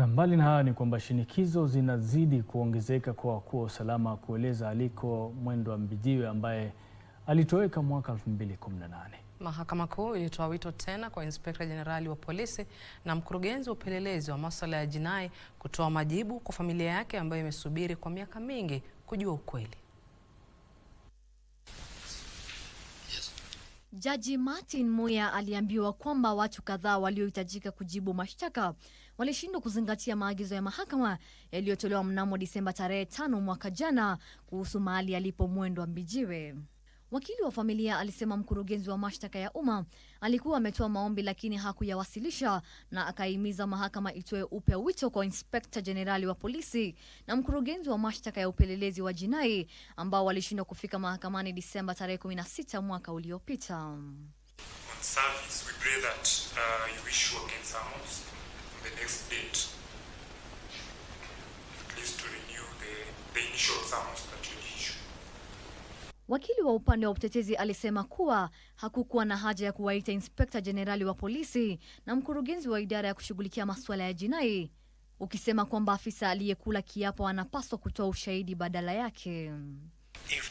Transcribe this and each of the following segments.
Na mbali na haya ni kwamba shinikizo zinazidi kuongezeka kwa wakuu wa usalama kueleza aliko Mwendwa Mbijiwe ambaye alitoweka mwaka 2018. Mahakama Kuu ilitoa wito tena kwa Inspekta Jenerali wa Polisi na Mkurugenzi wa Upelelezi wa Masuala ya Jinai kutoa majibu kwa familia yake ambayo imesubiri kwa miaka mingi kujua ukweli. Jaji Martin Muya aliambiwa kwamba watu kadhaa waliohitajika kujibu mashtaka walishindwa kuzingatia maagizo ya mahakama yaliyotolewa mnamo Disemba tarehe tano mwaka jana kuhusu mahali alipo Mwendwa Mbijiwe. Wakili wa familia alisema mkurugenzi wa mashtaka ya umma alikuwa ametoa maombi lakini hakuyawasilisha, na akahimiza mahakama itoe upya wito kwa inspekta jenerali wa polisi na mkurugenzi wa mashtaka ya upelelezi wa jinai ambao walishindwa kufika mahakamani Disemba tarehe 16 mwaka uliopita. service, we pray that, uh, you issue against summons in the next day. Wakili wa upande wa utetezi alisema kuwa hakukuwa na haja ya kuwaita inspekta jenerali wa polisi na mkurugenzi wa idara ya kushughulikia masuala ya jinai, ukisema kwamba afisa aliyekula kiapo anapaswa kutoa ushahidi badala yake. If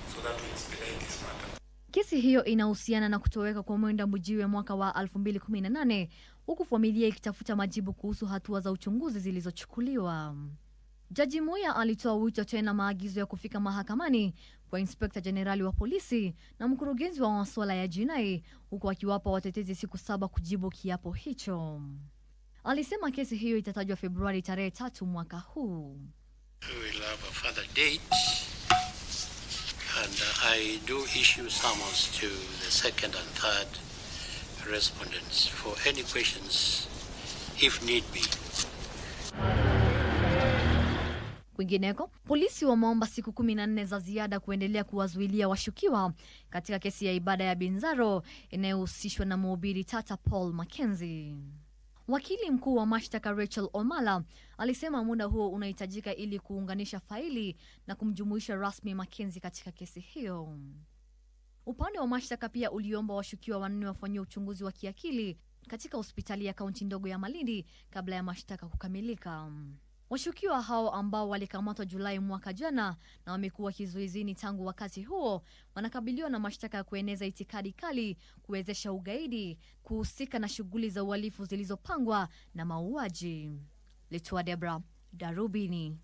so that we expedite this matter. Kesi hiyo inahusiana na kutoweka kwa Mwenda Mujiwe mwaka wa 2018 huku familia ikitafuta majibu kuhusu hatua za uchunguzi zilizochukuliwa. Jaji Muya alitoa wito tena maagizo ya kufika mahakamani kwa inspekta jenerali wa polisi na mkurugenzi wa masuala ya jinai, huku akiwapa watetezi siku saba kujibu kiapo hicho. Alisema kesi hiyo itatajwa Februari tarehe tatu mwaka huu. I do issue summons to the second and third respondents for any questions if need be. Kwingineko, polisi wameomba siku kumi na nne za ziada kuendelea kuwazuilia washukiwa katika kesi ya ibada ya Binzaro inayohusishwa na mhubiri tata Paul Mackenzie. Wakili mkuu wa mashtaka Rachel Omala alisema muda huo unahitajika ili kuunganisha faili na kumjumuisha rasmi Makenzi katika kesi hiyo. Upande wa mashtaka pia uliomba washukiwa wanne wafanyiwe uchunguzi wa kiakili katika hospitali ya kaunti ndogo ya Malindi kabla ya mashtaka kukamilika. Washukiwa hao ambao walikamatwa Julai mwaka jana na wamekuwa kizuizini tangu wakati huo, wanakabiliwa na mashtaka ya kueneza itikadi kali, kuwezesha ugaidi, kuhusika na shughuli za uhalifu zilizopangwa na mauaji. Litwa Debra, Darubini.